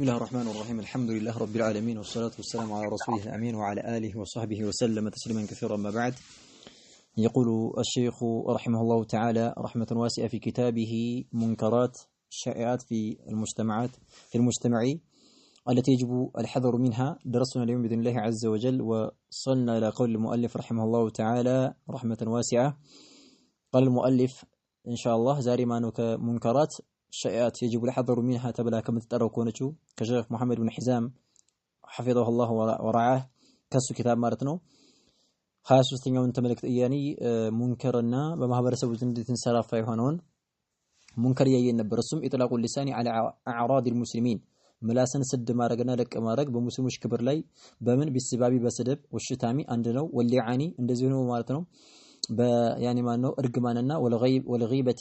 بسم الله الرحمن الرحيم الحمد لله رب العالمين والصلاة والسلام على رسوله الأمين وعلى آله وصحبه وسلم تسليما كثيرا ما بعد يقول الشيخ رحمه الله تعالى رحمة واسعة في كتابه منكرات الشائعات في المجتمعات في المجتمع التي يجب الحذر منها درسنا اليوم بإذن الله عز وجل وصلنا إلى قول المؤلف رحمه الله تعالى رحمة واسعة قال المؤلف إن شاء الله زاري ما منكرات شيئات يجب الحذر منها تبلا كمتترو كونچو كشيخ محمد بن حزام حفظه الله ورعاه كسو كتاب مارتنو ሀያ ሶስተኛውን ተመልክት እያኒ ሙንከርና በማህበረሰቡ ዘንድ የተንሰራፋ የሆነውን ሙንከር እያየን ነበር። እሱም ኢጥላቁ ሊሳኒ አለ አዕራድ ልሙስሊሚን ምላስን ስድ ማድረግና ለቅ ማድረግ በሙስሊሞች ክብር ላይ በምን ቢስባቢ በስድብ ወሽታሚ አንድ ነው። ወሊዓኒ እንደዚሁ ነው ማለት ነው። ያኒ ማን ነው እርግማንና ወልበቲ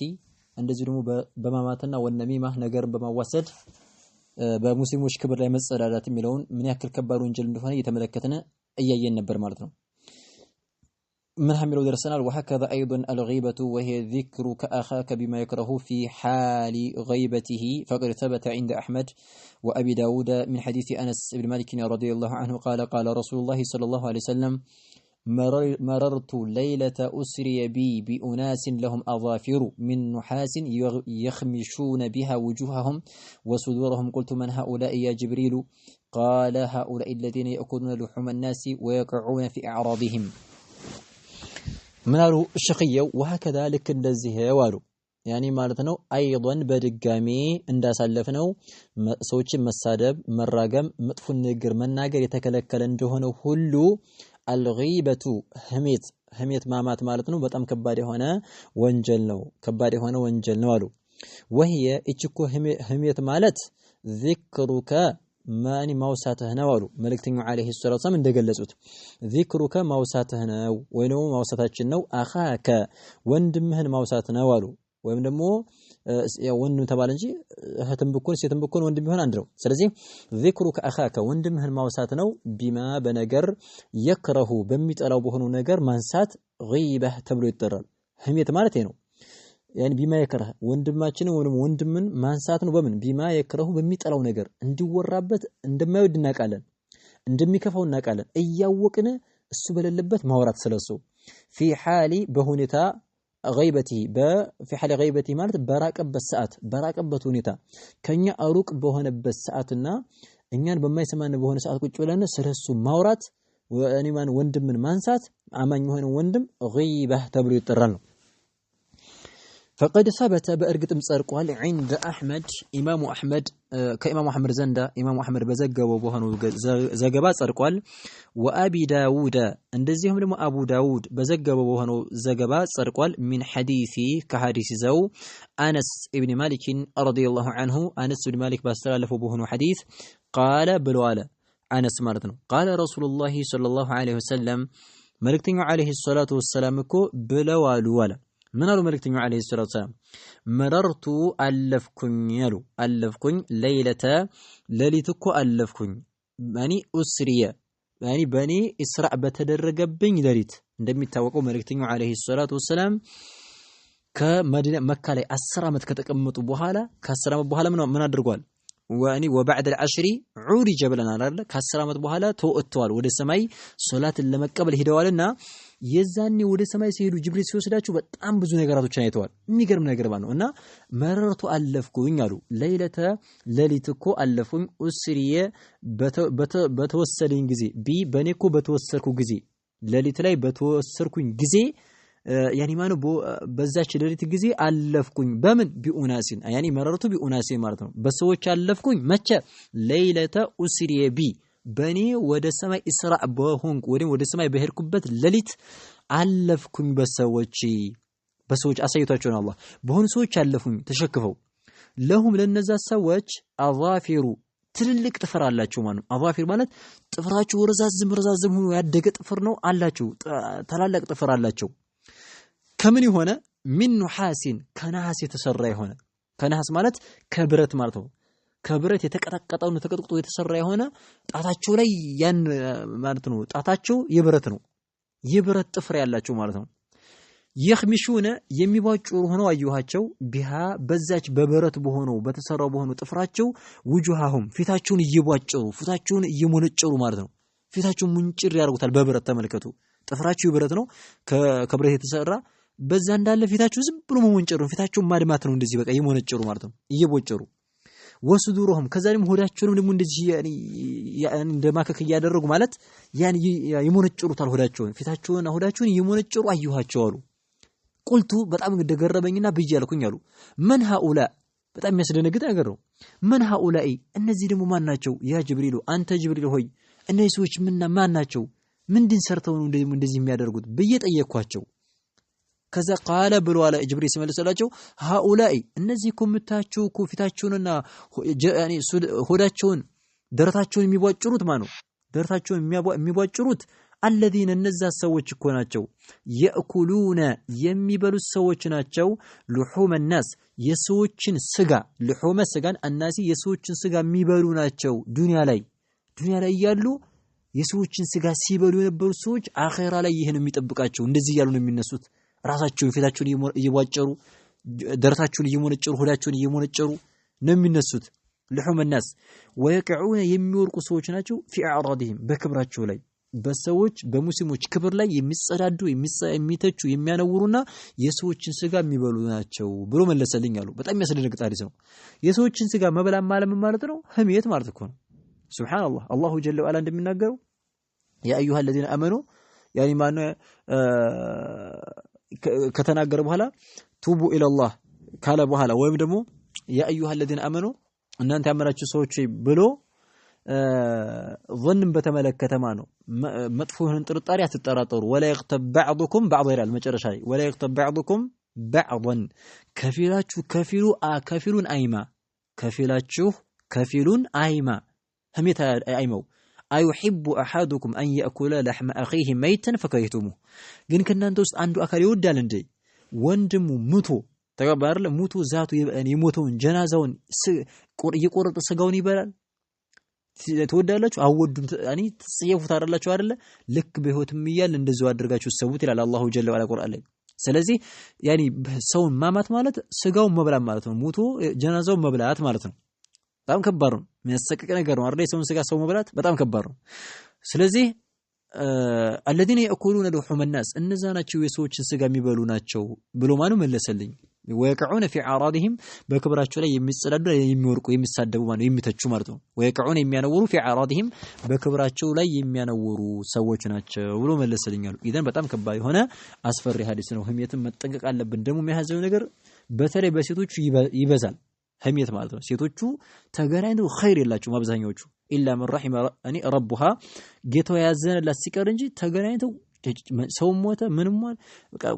እንደዚሁ ደግሞ በማማትና ወነሚማ ነገርን በማዋሰድ በሙስሊሞች ክብር ላይ መጸዳዳት የሚለውን ምን ያክል ከባድ ወንጀል እንደሆነ እየተመለከትን እያየን ነበር ማለት ነው። ምን ሀሚለው ደርሰናል። ወሀከዛ አይዶን አልገይበቱ ወሄ ዚክሩ ከአኻከ ቢማ የክረሁ ፊ ሓሊ ገይበቲሂ ፈቅድ ተበተ ዒንደ አሕመድ ወአቢ ዳውድ ምን ሐዲስ አነስ ብን ማሊክ ረዲየላሁ አንሁ ቃለ ቃለ ረሱሉላሂ ሰለላሁ ዓለይሂ ወሰለም مررت ليلة أسري بي بأناس لهم أظافر من نحاس يخمشون بها وجوههم وصدورهم قلت من هؤلاء يا جبريل قال هؤلاء الذين يأكلون لحوم الناس ويقعون في أعراضهم منارو الشقية وهكذا لك النزيه والو يعني مالتنا أيضا ነው። عند سلفنا سوتش مسادب መሳደብ፣ መራገም፣ መጥፎ ناجر መናገር የተከለከለ እንደሆነ هلو الغيبة هميت هميت ما مات مالت نو كباري هنا وانجل كباري هنا وانجل نو علو وهي اتشكو هميت مالت ذكرك ماني موسات هنا والو ملك تنو عليه الصلاة والسلام من دقل لسوت ذكرك موساته هنا وينو موساته اخاك واندمهن موساته هنا والو ويمدمو ወንድም ተባለ እንጂ እህትም ብኩን ሴትም ብኩን ወንድም ቢሆን አንድ ነው። ስለዚህ ዚክሩ ከአኻከ ወንድምህን ማውሳት ነው። ቢማ በነገር የክረሁ በሚጠላው በሆነው ነገር ማንሳት ጊባህ ተብሎ ይጠራል። ህሜት ማለት ነው። ቢማ የክረህ ወንድማችንን ወይም ወንድምን ማንሳት ነው። በምን ቢማ የክረሁ በሚጠላው ነገር እንዲወራበት እንደማይወድ እናውቃለን፣ እንደሚከፋው እናውቃለን። እያወቅን እሱ በሌለበት ማውራት ስለሱ ፊ ሓሊ በሁኔታ غيبتي ب في حال غيبتي غيبته ማለት በራቀበት ሰዓት በራቀበት ሁኔታ ከኛ አሩቅ በሆነበት ሰዓትና እኛን በማይሰማን በሆነ ሰዓት ቁጭ واني ስለሱ ማውራት من مانسات اما የሆነ وندم غيبه ተብሎ ይጠራል فقد ثبت بأرقتم صرقوال عند أحمد إمام أحمد آه، كإمام أحمد زندا إمام أحمد بزقوا بوهنو زقبا صرقوال وأبي داود اندزيهم لما أبو داود بزقوا بوهنو زقبا صرقوال من حديثي كحديث زو أنس ابن مالك رضي الله عنه أنس ابن مالك باستلالفوا وبوهن حديث قال بلوالا أنس مرتن قال رسول الله صلى الله عليه وسلم ملكتين عليه الصلاة والسلام كو بلوالوالا من قالوا ملك تنيو عليه الصلاة والسلام مررت ألفكن يلو ألفكن ليلة لليتكو ألفكن ماني أسرية ماني يعني بني إسراء بتدرق بني لليت عندما يتوقعوا ملك تنيو عليه الصلاة والسلام كمدينة مكة لي أسرامت كتكمت بوهالا كأسرامت بوهالا من من الدرقوال واني وبعد العشر عوري جبلنا لك كأسرامت بوهالا تو اتوال ودسمي صلاة اللي مكة بالهدوالنا የዛኔ ወደ ሰማይ ሲሄዱ ጅብሪል ሲወስዳቸው በጣም ብዙ ነገራቶችን አይተዋል። የሚገርም ነገር ማለት ነው። እና መረርቱ አለፍኩኝ አሉ። ለይለተ ሌሊት እኮ አለፉኝ ኡስሪየ በተወሰደኝ ጊዜ ቢ በእኔ እኮ በተወሰድኩ ጊዜ ለሊት ላይ በተወሰድኩኝ ጊዜ ያኒ ማነው በዛች ሌሊት ጊዜ አለፍኩኝ። በምን ቢኡናሲን ያኒ መረርቱ ቢኡናሲን ማለት ነው። በሰዎች አለፍኩኝ መቼ ለይለተ ኡስሪየ ቢ በእኔ ወደ ሰማይ እስራ በሆንኩ ወይም ወደ ሰማይ በሄድኩበት ሌሊት አለፍኩኝ በሰዎች በሰዎች አሳይቷቸው ነው አላህ በሆኑ ሰዎች አለፉኝ ተሸክፈው ለሁም ለነዛ ሰዎች አዛፊሩ ትልልቅ ጥፍር አላቸው ማለት ነው። አዛፊር ማለት ጥፍራቸው ረዛዝም ረዛዝም ሆኖ ያደገ ጥፍር ነው አላቸው። ታላላቅ ጥፍር አላቸው። ከምን የሆነ ሚን ኑሐሲን ከነሐስ የተሰራ የሆነ ከነሐስ ማለት ከብረት ማለት ነው። ከብረት የተቀጠቀጠው ነው ተቀጥቅጦ የተሰራ የሆነ ጣታቸው ላይ ያን ማለት ነው። ጣታቸው የብረት ነው፣ የብረት ጥፍር ያላቸው ማለት ነው። የኽሚሹነ የሚቧጭሩ ሆነው አየኋቸው። ቢሃ በዛች በብረት በሆነው በተሰራው በሆነው ጥፍራቸው ውጁሃሁም ፊታቸውን እየቧጭሩ ፊታቸውን እየሞነጨሩ ማለት ነው። ፊታቸውን ሙንጭር ያደርጉታል በብረት ተመልከቱ። ጥፍራቸው የብረት ነው፣ ከብረት የተሰራ በዛ እንዳለ ፊታቸው ዝም ብሎ መሞንጨሩ ፊታቸውን ማድማት ነው። እንደዚህ በቃ እየሞነጨሩ ማለት ነው፣ እየቦጨሩ ወስዱሩሁም ከዛ ሆዳቸውንም ደግሞ እንደዚህ ያኒ እንደማከክ እያደረጉ ማለት ያን ይሞነጭሩታል። ሆዳቸውን ፊታቸውን ሆዳቸውን ይሞነጭሩ አየኋቸው አሉ። ቁልቱ በጣም እንደገረበኝና ብዬ አልኩኝ አሉ መን ሃኡላ በጣም የሚያስደነግጥ ነገር ነው። መን ሃኡላኢ እነዚህ ደግሞ ማን ናቸው? ያ ጅብሪሉ አንተ ጅብሪል ሆይ እነዚህ ሰዎች ምንና ማን ናቸው? ምንድን ሰርተው ነው እንደዚህ የሚያደርጉት ብዬ ጠየኳቸው። ከዛ ቃለ ብሎ አለ ጅብሪል ሲመልስላቸው ሃኡላኢ እነዚህ እኮ የምታችሁ ሆዳቸውን ደረታቸውን የሚቧጭሩት ማ ነው ደረታቸውን የሚቧጭሩት አለዚነ እነዛ ሰዎች እኮ ናቸው የእኩሉነ የሚበሉት ሰዎች ናቸው ልሑመ ናስ የሰዎችን ስጋ ልሑመ ስጋን አናሲ የሰዎችን ስጋ የሚበሉ ናቸው ዱንያ ላይ ዱንያ ላይ እያሉ የሰዎችን ስጋ ሲበሉ የነበሩት ሰዎች አኼራ ላይ ይህን የሚጠብቃቸው እንደዚህ እያሉ ነው የሚነሱት ራሳቸውን ፊታቸውን እየቧጨሩ ደረታቸውን እየሞነጨሩ ሆዳቸውን እየሞነጨሩ ነው የሚነሱት። ልሑመ ናስ ወየቅዑነ የሚወርቁ ሰዎች ናቸው። ፊ አዕራድህም በክብራቸው ላይ በሰዎች በሙስሊሞች ክብር ላይ የሚጸዳዱ የሚተቹ የሚያነውሩና የሰዎችን ስጋ የሚበሉ ናቸው ብሎ መለሰልኝ አሉ። በጣም የሚያስደነግጥ ሐዲስ ነው። የሰዎችን ስጋ መበላ ማለም ማለት ነው ህምየት ማለት እኮ ነው። ሱብሓነላህ አላሁ ጀለ ወዐላ እንደሚናገረው ያ አዩሃ ለዚነ አመኑ ያኒ ማነው ከተናገረ በኋላ ቱቡ ኢለላህ ካለ በኋላ ወይም ደግሞ ያ አዩሃ ለዚነ አመኑ እናንተ ያመናችሁ ሰዎች ብሎ ظንን በተመለከተማ ነው። መጥፎ የሆነን ጥርጣሬ አትጠራጠሩ። ወላ የቅተብ ባዕዱኩም ባዕዳ ይላል መጨረሻ ላይ ወላ የቅተብ ባዕዱኩም ባዕን ከፊላችሁ ከፊሉ ከፊሉን አይማ ከፊላችሁ ከፊሉን አይማ ህሜት አይመው አዩሒቡ አሓዱኩም አን የእኩለ ለሕመ አኺህ መይተን ፈከሪህቱሙ፣ ግን ከእናንተ ውስጥ አንዱ አካል ይወዳል እንዴ ወንድሙ ሙቶ ተቀባርለ ሙቶ ዛቱ የሞተውን ጀናዛውን እየቆረጠ ስጋውን ይበላል ትወዳላችሁ? አወዱም እኔ ትጽየፉት አደላችሁ አደለ? ልክ በህይወትም እያል እንደዚሁ አድርጋችሁ ሰቡት ይላል አላሁ ጀለ ዋላ ቁርአን ላይ። ስለዚህ ያኔ ሰውን ማማት ማለት ስጋውን መብላት ማለት ነው። ሙቶ ጀናዛውን መብላት ማለት ነው። በጣም ከባድ ነው። የሚያሰቅቅ ነገር ነው አይደል? የሰውን ስጋ ሰው መብላት በጣም ከባድ ነው። ስለዚህ አለዚነ የእኩሉነ ሉሑመ ናስ እነዛ ናቸው የሰዎችን ስጋ የሚበሉ ናቸው ብሎ ማኑ መለሰልኝ። ወየቅዑነ ፊ አዕራድህም በክብራቸው ላይ የሚጸዳዱ የሚወርቁ የሚሳደቡ ማለት የሚተቹ ማለት ነው። ወየቅዑነ የሚያነወሩ ፊ አዕራድህም በክብራቸው ላይ የሚያነወሩ ሰዎች ናቸው ብሎ መለሰልኛሉ። ኢዘን በጣም ከባድ የሆነ አስፈሪ ሀዲስ ነው። ህሜትን መጠንቀቅ አለብን። ደግሞ የሚያሳዝነው ነገር በተለይ በሴቶቹ ይበዛል። ህሜት ማለት ነው። ሴቶቹ ተገናኝተው ኸይር የላቸውም አብዛኞቹ ኢላ መን ረሒመ ረቡሃ ጌታው ያዘነላት ሲቀር እንጂ ተገናኝተው ሰው ሞተ ምንም ሆነ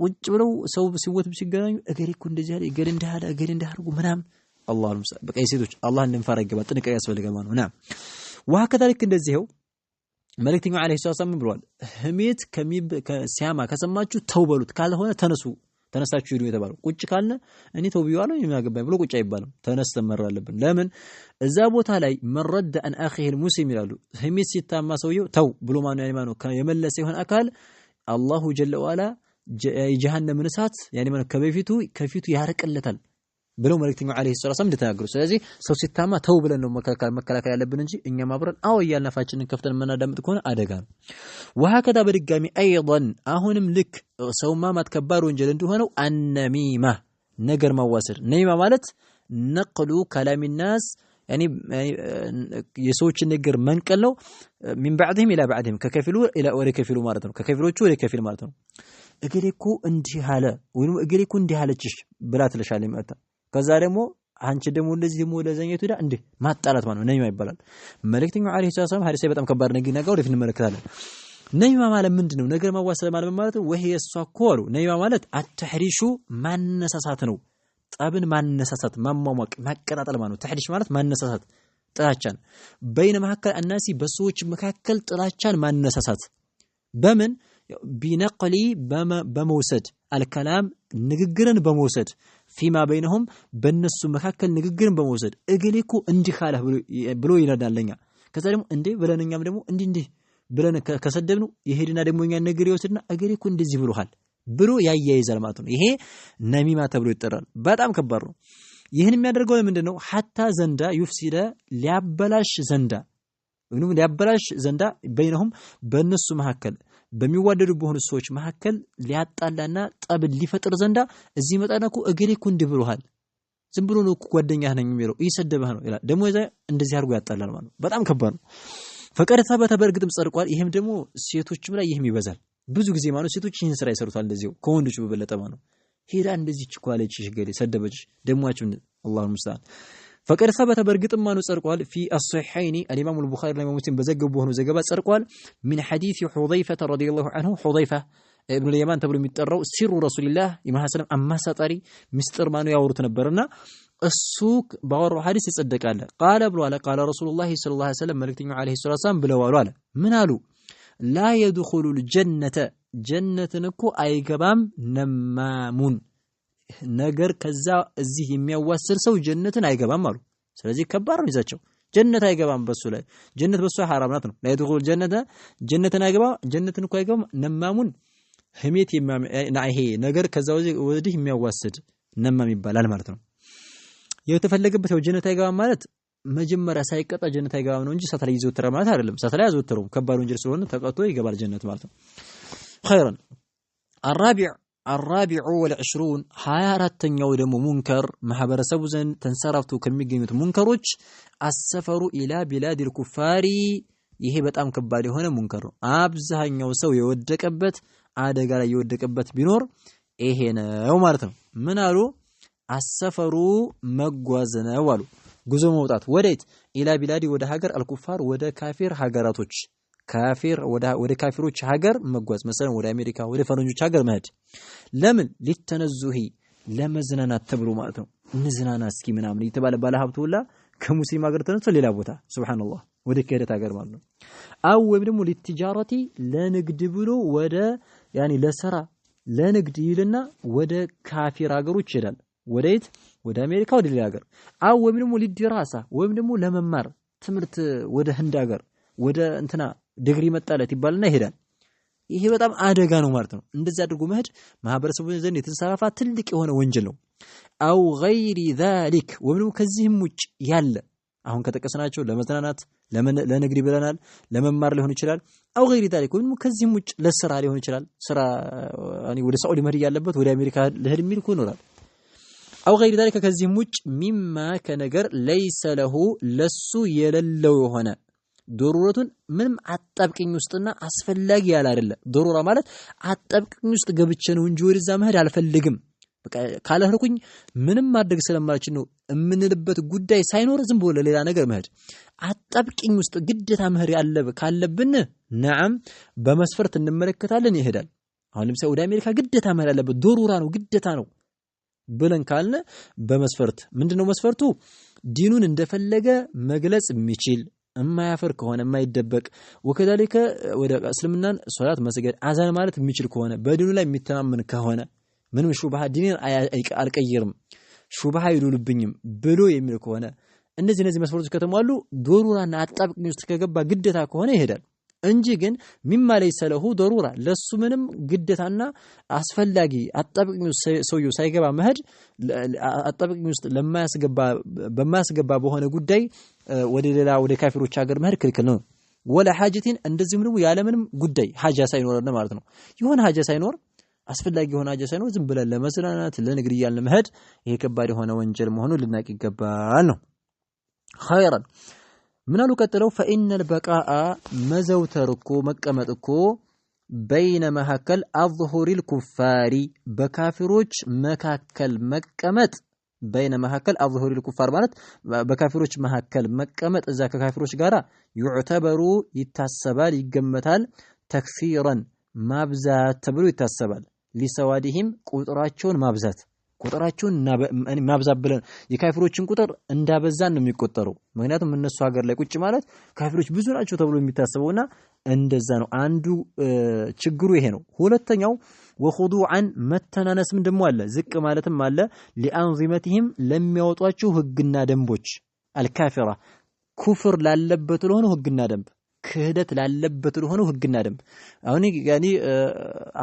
ቁጭ ብለው ሰው ሲሞት ሲገናኙ እገሌ እኮ እንደዚህ አለ እገሌ እንዲህ አለ እገሌ እንዲህ አድርጎ ምናምን አላሁ አልሙስተዓን በቃ የሴቶች አላህን ልንፈራ ይገባል። ጥንቃቄ ያስፈልጋል ማለት ነው። ውሃ ከታሪክ እንደዚህው መልእክተኛው ዓለይሂ ሰላም ብለዋል። ህሜት ሲያማ ከሰማችሁ ተው በሉት፣ ካልሆነ ተነሱ ተነሳችሁ ሂዱ የተባለው ቁጭ ካለ እኔ ተው ብየዋለሁ የሚያገባኝ ብሎ ቁጭ አይባልም። ተነስተን መራ አለብን። ለምን እዛ ቦታ ላይ መረዳ አን አኺሂል ሙስሊም ይላሉ። ህሜት ሲታማ ሰውየው ተው ብሎ ማን ያማኑ የመለሰ ይሆን አካል አላሁ ጀለ ወዐላ የጀሃነምን እሳት ያኔ ከበፊቱ ከፊቱ ያርቅለታል። ብለው መልእክተኛው ዓለይሂ ሰላቱ ወሰላም እንደተናገሩ። ስለዚህ ሰው ሲታማ ተው ብለን ነው መከላከል ያለብን እንጂ እኛ ማብረን አዎ እያልን አፋችንን ከፍተን የምናዳምጥ ከሆነ አደጋ ነው። ወሀከዛ በድጋሚ አይን አሁንም ልክ ሰው ማማት ከባድ ወንጀል እንደሆነው አነሚማ ነገር ማዋሰድ ነሚማ ማለት ነቅሉ ከላሚናስ የሰዎችን ንግግር መንቀል ነው። ሚን ባዕድህም ኢላ ባዕድህም ከከፊሉ ወደ ከፊሉ ማለት ነው። ከከፊሎቹ ወደ ከፊል ማለት ነው። እገሌ እኮ እንዲህ አለ ወይም እገሌ እኮ እንዲህ አለችሽ ብላ ትለሻለች መታ ከዛ ደግሞ አንቺ ደግሞ እንደዚህ ደግሞ ለዘኘቱ ዳ እንዴ ማጣላት ማለት ነው። ነይማ ይባላል። መልእክተኛው አለይሂ ሰላም ሀዲስ ላይ በጣም ከባድ ነገር ነገር ወደፊት እንመለከታለን። ነይማ ማለት ምንድነው? ነገር ማዋሰል ማለት ማለት ነው። ወይ እሷ ነይማ ማለት አትሕሪሹ ማነሳሳት ነው። ጠብን ማነሳሳት፣ ማሟሟቅ፣ ማቀጣጠል ማለት ነው። ተሕሪሽ ማለት ማነሳሳት፣ ጥላቻን በይነ መካከል አናሲ በሰዎች መካከል ጥላቻን ማነሳሳት በምን ቢነቅሊ በመውሰድ አልከላም ንግግርን በመውሰድ ፊማ በይነሁም በእነሱ መካከል ንግግርን በመውሰድ እገሌ እኮ እንዲህ አለህ ብሎ ይረዳለኛ። ከዛ ደግሞ እንዴ ብለን እኛም ደግሞ እንዲህ እንዲህ ብለን ከሰደብነው የሄድና ደግሞ እኛን ነገር ይወስድና እገሌ እኮ እንደዚህ ብሎሃል ብሎ ያያይዛል ማለት ነው። ይሄ ነሚማ ተብሎ ይጠራል። በጣም ከባድ ነው። ይህን የሚያደርገው ምንድን ነው? ሐታ ዘንዳ ዩፍሲደ ሊያበላሽ ዘንዳ ሊያበላሽ ዘንዳ በይነሁም በእነሱ መካከል በሚዋደዱ በሆኑ ሰዎች መካከል ሊያጣላና ጠብ ሊፈጥር ዘንዳ እዚህ መጣና እኮ እገሌ እኮ እንዲህ ብሎሃል፣ ዝም ብሎ ነው ጓደኛ ነኝ የሚለው እየሰደበህ ነው ይላል። ደግሞ ዛ እንደዚህ አድርጎ ያጣላል ማለት ነው። በጣም ከባድ ነው። ፈቀድ ተበተ በእርግጥም ጸድቋል። ይህም ደግሞ ሴቶችም ላይ ይህም ይበዛል። ብዙ ጊዜ ማለት ሴቶች ይህን ስራ ይሰሩታል። እንደዚው ከወንዶች በበለጠ ማለት ነው። ሄዳ እንደዚህ ችኳለች፣ ገሌ ሰደበች፣ ደሟችን አላሁ ሙስተዓን فقد ثبت برغت ما نصرقوال في الصحيحين الامام البخاري لما مسلم بزغب وهو زغبا صرقوال من حديث حذيفه رضي الله عنه حذيفه ابن اليمان تبر يتطروا سر رسول الله يما حسن اما سطري مستر ما نو يورت نبرنا السوق باور حديث يصدق قال قال ابن قال, قال رسول الله صلى الله عليه وسلم ملكت عليه الصلاه والسلام بلا والو قال من قالوا لا يدخل الجنه جنه نكو ايغبام نمامون ነገር ከዛ እዚህ የሚያዋስል ሰው ጀነትን አይገባም አሉ። ስለዚህ ከባድ ነው ይዛቸው ጀነት አይገባም በሱ ላይ ጀነት በሱ ላይ ሐራም ናት ነው ላይ ላይድኹል ጀነተ ጀነትን አይገባ ጀነትን እኮ አይገባም ነማሙን ህሜት የሚያና ይሄ ነገር ከዛ ወዲህ የሚያዋስድ ነማም ይባላል ማለት ነው። የተፈለገበት ያው ጀነት አይገባም ማለት መጀመሪያ ሳይቀጣ ጀነት አይገባም ነው እንጂ እሳት ላይ ይዘወተረ ማለት አይደለም። እሳት ላይ አዘወተረውም ከባድ ወንጀል ስለሆነ ተቀጥቶ ይገባል ጀነት ማለት ነው። ኸይረን አራቢዕ አራቢዑ ወልዕሽሩን ሀያ አራተኛው ደግሞ ሙንከር ማህበረሰቡ ዘንድ ተንሰራፍተው ከሚገኙት ሙንከሮች አሰፈሩ ኢላ ቢላዲል ኩፋሪ ይሄ በጣም ከባድ የሆነ ሙንከር ነው። አብዛኛው ሰው የወደቀበት አደጋ ላይ የወደቀበት ቢኖር ይሄ ነው ማለት ነው። ምን አሉ? አሰፈሩ መጓዝ ነው አሉ። ጉዞ መውጣት ወዴት? ኢላ ቢላዲ ወደ ሀገር፣ አልኩፋር ወደ ካፊር ሀገራቶች ካፊር ወደ ካፊሮች ሀገር መጓዝ መሰለን ወደ አሜሪካ ወደ ፈረንጆች ሀገር መሄድ ለምን ሊተነዙሂ ለመዝናናት ተብሎ ማለት ነው። እንዝናና እስኪ ምናምን እየተባለ ባለ ሀብቱ ሁላ ከሙስሊም ሀገር ተነስቶ ሌላ ቦታ ሱብሃንአላህ ወደ ከሄደት ሀገር ማለት ነው። አው ወይም ደግሞ ሊትጃረቲ ለንግድ ብሎ ወደ ያኔ ለሰራ ለንግድ ይልና ወደ ካፊር ሀገሮች ይሄዳል። ወደየት? ወደ አሜሪካ ወደ ሌላ ሀገር። አው ወይም ደግሞ ሊዲራሳ ወይም ደግሞ ለመማር ትምህርት ወደ ህንድ ሀገር ወደ እንትና ዲግሪ መጣለት ይባልና ይሄዳል። ይሄ በጣም አደጋ ነው ማለት ነው። እንደዚህ አድርጎ መሄድ ማህበረሰቡ ዘንድ የተንሰራፋ ትልቅ የሆነ ወንጀል ነው። አው ገይሪ ዛሊክ ወይም ደግሞ ከዚህም ውጭ ያለ አሁን ከጠቀስናቸው ለመዝናናት፣ ለንግድ ብለናል፣ ለመማር ሊሆን ይችላል። አው ገይሪ ዛሊክ ወይም ደግሞ ከዚህም ውጭ ለስራ ሊሆን ይችላል። ስራ ወደ ሳዑዲ መሄድ ያለበት ወደ አሜሪካ ልሄድ የሚል እኮ ይኖራል። አው ገይሪ ዛሊክ ከዚህም ውጭ ሚማ ከነገር ለይሰ ለሁ ለሱ የሌለው የሆነ ዶሮረቱን ምንም አጣብቅኝ ውስጥና አስፈላጊ ያለ አይደለ። ዶሮራ ማለት አጣብቅኝ ውስጥ ገብቼ ነው እንጂ ወደዛ መሄድ አልፈልግም ካለህርኩኝ ምንም ማድረግ ስለማልችል ነው የምንልበት ጉዳይ ሳይኖር ዝም ብሎ ሌላ ነገር መሄድ አጣብቅኝ ውስጥ ግዴታ መሄድ ያለብ ካለብን ነዓም በመስፈርት እንመለከታለን ይሄዳል። አሁን ለምሳሌ ወደ አሜሪካ ግዴታ መሄድ ያለበት ዶሮራ ነው ግዴታ ነው ብለን ካልነ በመስፈርት ምንድነው መስፈርቱ? ዲኑን እንደፈለገ መግለጽ የሚችል የማያፈር ከሆነ የማይደበቅ ወከዛሊከ ወደ እስልምናን ሶላት መስገድ አዛን ማለት የሚችል ከሆነ በዲኑ ላይ የሚተማመን ከሆነ ምንም ሹብሃ ዲኔን አልቀይርም ሹብሃ አይሉልብኝም ብሎ የሚል ከሆነ እነዚህ እነዚህ መስፈርቶች ከተሟሉ ዶሩራና አጣብቂኝ ውስጥ ከገባ ግዴታ ከሆነ ይሄዳል። እንጂ ግን ሚማ ለይሰ ለሁ ደሩራ ለሱ ምንም ግዴታና አስፈላጊ አጣብቅኝ ውስጥ ሰውየው ሳይገባ መሄድ አጣብቅኝ ውስጥ ለማያስገባ በማያስገባ በሆነ ጉዳይ ወደ ሌላ ወደ ካፊሮች ሀገር መሄድ ክልክል ነው። ወላ ሐጀቲን እንደዚህም ደግሞ ያለምንም ጉዳይ ሀጃ ሳይኖረን ማለት ነው። የሆነ ሐጃ ሳይኖር አስፈላጊ የሆነ ሐጃ ሳይኖር ዝም ብለን ለመዝናናት ለንግድ እያልን መሄድ ይሄ ከባድ የሆነ ወንጀል መሆኑን ልናቅ ይገባል ነው ኸይረን منالو كتلو فإن البقاء مزوتر كو مكة متكو بينما مهكل أظهر الكفاري بكافروج مكاكل مكة مت بين مهكل أظهر الكفار مالت بكافروج مهكل مكة مت إذا كافروج قارا يعتبر يتسبال يجمتال تكثيرا مابزات تبرو يتسبال لسوادهم قدراتشون مابزات ቁጥራቸውን ማብዛት ብለን የካፊሮችን ቁጥር እንዳበዛን ነው የሚቆጠረው። ምክንያቱም እነሱ ሀገር ላይ ቁጭ ማለት ካፊሮች ብዙ ናቸው ተብሎ የሚታሰበውና እንደዛ ነው። አንዱ ችግሩ ይሄ ነው። ሁለተኛው ወኹዱዓን መተናነስም ደሞ አለ፣ ዝቅ ማለትም አለ። ሊአንዚመቲሂም ለሚያወጧቸው ህግና ደንቦች አልካፊራ ኩፍር ላለበት ለሆነው ህግና ደንብ ክህደት ላለበት ለሆነው ህግና ደንብ አሁን ያኔ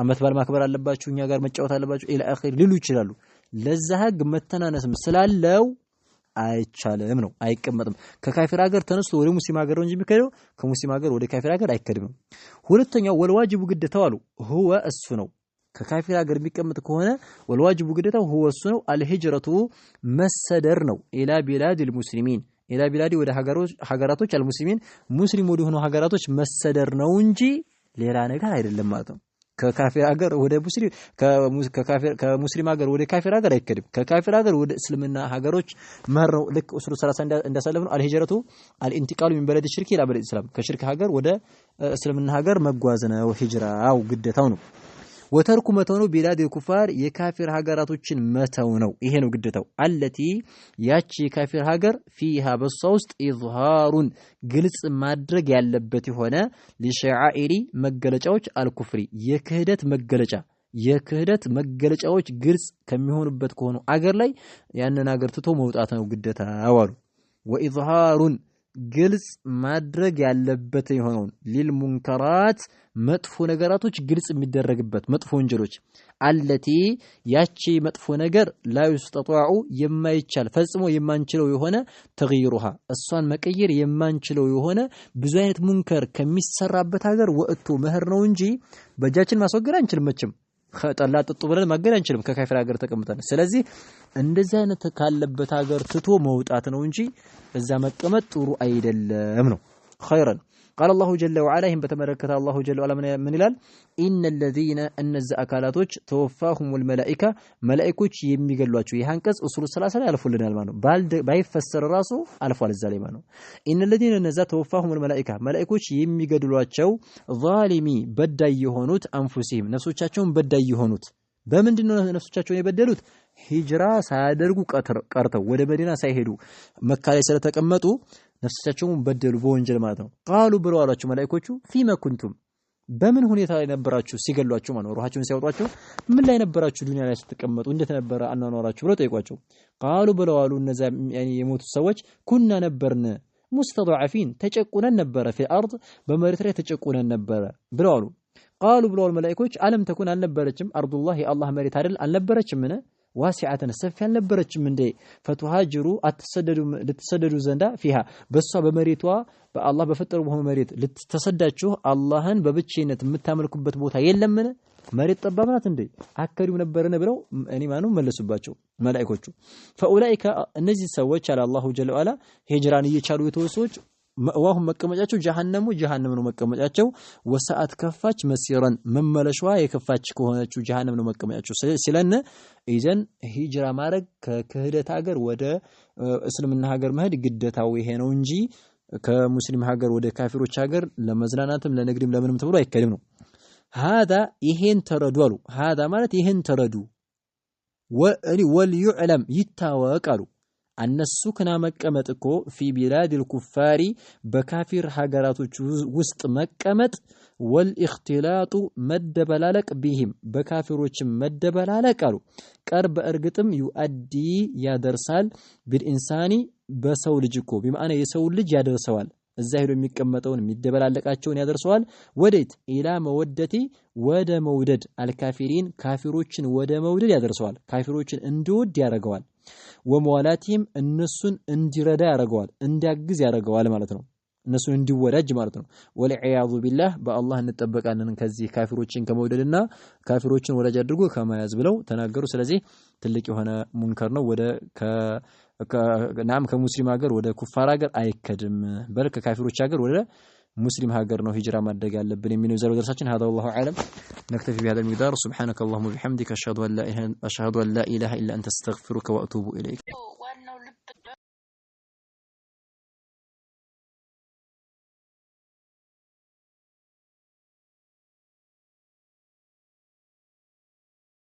አመት በዓል ማክበር አለባችሁ፣ እኛ ጋር መጫወት አለባችሁ ኢላ አኺር ሊሉ ይችላሉ። ለዛ ህግ መተናነስም ስላለው አይቻልም ነው፣ አይቀመጥም። ከካፊር ሀገር ተነስቶ ወደ ሙስሊም ሀገር ነው እንጂ የሚከደው ከሙስሊም ሀገር ወደ ካፊር ሀገር አይከድም። ሁለተኛው ወልዋጅቡ ግዴታው አሉ ህወ እሱ ነው። ከካፊር ሀገር የሚቀመጥ ከሆነ ወልዋጅቡ ግዴታው ህወ እሱ ነው። አልሂጅረቱ መሰደር ነው። ኢላ ቢላዲል ሙስሊሚን ኢላ ቢላዲ ወደ ሀገራቶች አልሙስሊሚን ሙስሊም ወደ ሆኑ ሀገራቶች መሰደር ነው እንጂ ሌላ ነገር አይደለም ማለት ነው። ከካፊር ሀገር ወደ ሙስሊም ከሙስሊም ሀገር ወደ ካፊር ሀገር አይከድም። ከካፊር ሀገር ወደ እስልምና ሀገሮች መረው ነው። ልክ ኡስሉ 30 እንዳሳለፍ ነው። አልሂጅረቱ አልኢንቲቃሉ ሚን በለድ ሽርክ ኢላ በለድ ኢስላም ከሽርክ ሀገር ወደ እስልምና ሀገር መጓዝ ነው። ሂጅራው ግዴታው ነው። ወተርኩ መተው ነው ቢላድ ኩፋር የካፊር ሀገራቶችን መተው ነው። ይሄ ነው ግዴታው። አለቲ ያቺ የካፊር ሀገር ፊሃ በሷ ውስጥ ኢዝሃሩን ግልጽ ማድረግ ያለበት የሆነ ሊሸዓኢሪ መገለጫዎች አልኩፍሪ የክህደት መገለጫ የክህደት መገለጫዎች ግልጽ ከሚሆኑበት ከሆኑ አገር ላይ ያንን አገር ትቶ መውጣት ነው ግዴታው አሉ ወኢዝሃሩን ግልጽ ማድረግ ያለበት የሆነውን ሊል ሙንከራት መጥፎ ነገራቶች ግልጽ የሚደረግበት መጥፎ ወንጀሎች አለቲ ያቺ መጥፎ ነገር ላ የማይቻል ፈጽሞ የማንችለው የሆነ ተግይሩሃ እሷን መቀየር የማንችለው የሆነ ብዙ አይነት ሙንከር ከሚሰራበት ሀገር ወጥቶ መህር ነው እንጂ በእጃችን ማስወገድ አንችልም መቼም ጠላ ጥጡ ብለን ማገድ አንችልም ከካፊር ሀገር ተቀምጠን። ስለዚህ እንደዚህ አይነት ካለበት ሀገር ትቶ መውጣት ነው እንጂ እዛ መቀመጥ ጥሩ አይደለም ነው ኸይረን ቃል አላሁ ጀለ ወዓላ ይህም በተመለከተ አላሁ ጀለ ወዓላ ምን ይላል? ኢነ ለዚነ እነዚያ አካላቶች ተወፋሁሙል መላኢካ መላኢኮች የሚገሏቸው ይህ አንቀጽ እሱሉ ሰላሳ ላይ አልፎልናል ማለት ነው። ባይፈሰር ራሱ አልፏል እዛ ላይ ማለት ነው። ኢነ ለዚነ እነዚያ ተወፋሁሙል መላኢካ መላኢኮች የሚገድሏቸው ዛሊሚ በዳይ የሆኑት አንፉሲህም ነፍሶቻቸውን በዳይ የሆኑት በምንድን ነው ነፍሶቻቸውን የበደሉት? ሂጅራ ሳያደርጉ ቀርተው ወደ መዲና ሳይሄዱ መካ ላይ ስለተቀመጡ ነፍሳቸውን በደሉ በወንጀል ማለት ነው። ቃሉ ብለው አሏቸው መላእኮቹ ፊመ ኩንቱም በምን ሁኔታ ላይ ነበራችሁ ሲገሏቸው ማለት ነው። ሩሃቸውን ሲያወጧቸው ምን ላይ ነበራችሁ ዱንያ ላይ ስትቀመጡ እንዴት ነበረ አኗኗራችሁ ብለው ጠይቋቸው። ቃሉ ብለው አሉ እነዚያ የሞቱ ሰዎች ኩና ነበርን ሙስተድዓፊን ተጨቁነን ነበረ ፊል አርድ በመሬት ላይ ተጨቁነን ነበረ ብለው አሉ። ቃሉ ብለዋል መላእኮች አለም ተኩን አልነበረችም አርዱላህ የአላህ መሬት አይደል አልነበረችምን ዋሲዓተን ሰፊ አልነበረችም እንዴ? ፈቱሃጅሩ ልትሰደዱ ዘንዳ ፊሃ በእሷ በመሬቷ በአላህ በፈጠሩ በሆነ መሬት ልትተሰዳችሁ አላህን በብቸኝነት የምታመልኩበት ቦታ የለምን? መሬት ጠባብ ናት እንዴ? አከሪው ነበረን ብለው እኔ ማኑ መለሱባቸው መላእክቶቹ። ፈኡላኢከ እነዚህ ሰዎች አለ አላሁ ጀለ ወዐላ ሂጅራን እየቻሉ የተወሰዎች መእዋሁም መቀመጫቸው ጀሃነሙ ጀሃነም ነው መቀመጫቸው። ወሰዓት ከፋች መሲረን መመለሻዋ የከፋች ከሆነችው ጀሃነም ነው መቀመጫቸው። ሲለን ኢዘን ሂጅራ ማድረግ ከክህደት ሀገር ወደ እስልምና ሀገር መሄድ ግደታው ይሄ ነው እንጂ ከሙስሊም ሀገር ወደ ካፊሮች ሀገር ለመዝናናትም ለንግድም ለምንም ተብሎ አይከልም ነው። ሀዛ ይሄን ተረዱ አሉ። ሀዛ ማለት ይሄን ተረዱ። ወልዩዕለም ይታወቅ አሉ አነሱ ክና መቀመጥ እኮ ፊ ቢላድል ኩፋሪ በካፊር ሀገራቶች ውስጥ መቀመጥ ወልእክትላጡ መደበላለቅ ቢህም በካፊሮችም መደበላለቅ አሉ ቀር በእርግጥም ዩአዲ ያደርሳል ቢልኢንሳኒ በሰው ልጅ እኮ ቢማዕና የሰው ልጅ ያደርሰዋል እዛ ሄዶ የሚቀመጠውን የሚደበላለቃቸውን ያደርሰዋል። ወዴት ኢላ መወደቲ ወደ መውደድ አልካፊሪን ካፊሮችን ወደ መውደድ ያደርሰዋል። ካፊሮችን እንዲወድ ያደርገዋል። ወመዋላቲም እነሱን እንዲረዳ ያደርገዋል እንዲያግዝ ያደርገዋል ማለት ነው። እነሱን እንዲወዳጅ ማለት ነው። ወልዒያዙ ቢላህ በአላህ እንጠበቃለን ከዚህ ካፊሮችን ከመውደድና ካፊሮችን ወዳጅ አድርጎ ከመያዝ ብለው ተናገሩ። ስለዚህ ትልቅ የሆነ ሙንከር ነው። ወደ ናም ከሙስሊም ሀገር ወደ ኩፋር ሀገር አይከድም። በል ከካፊሮች ሀገር ወደ مسلم هاجر نو هجرة ما دق لبني من ዘሮ ደርሳችን هذا والله اعلم نكتفي بهذا المقدار سبحانك اللهم وبحمدك اشهد ان لا اله الا انت استغفرك واتوب اليك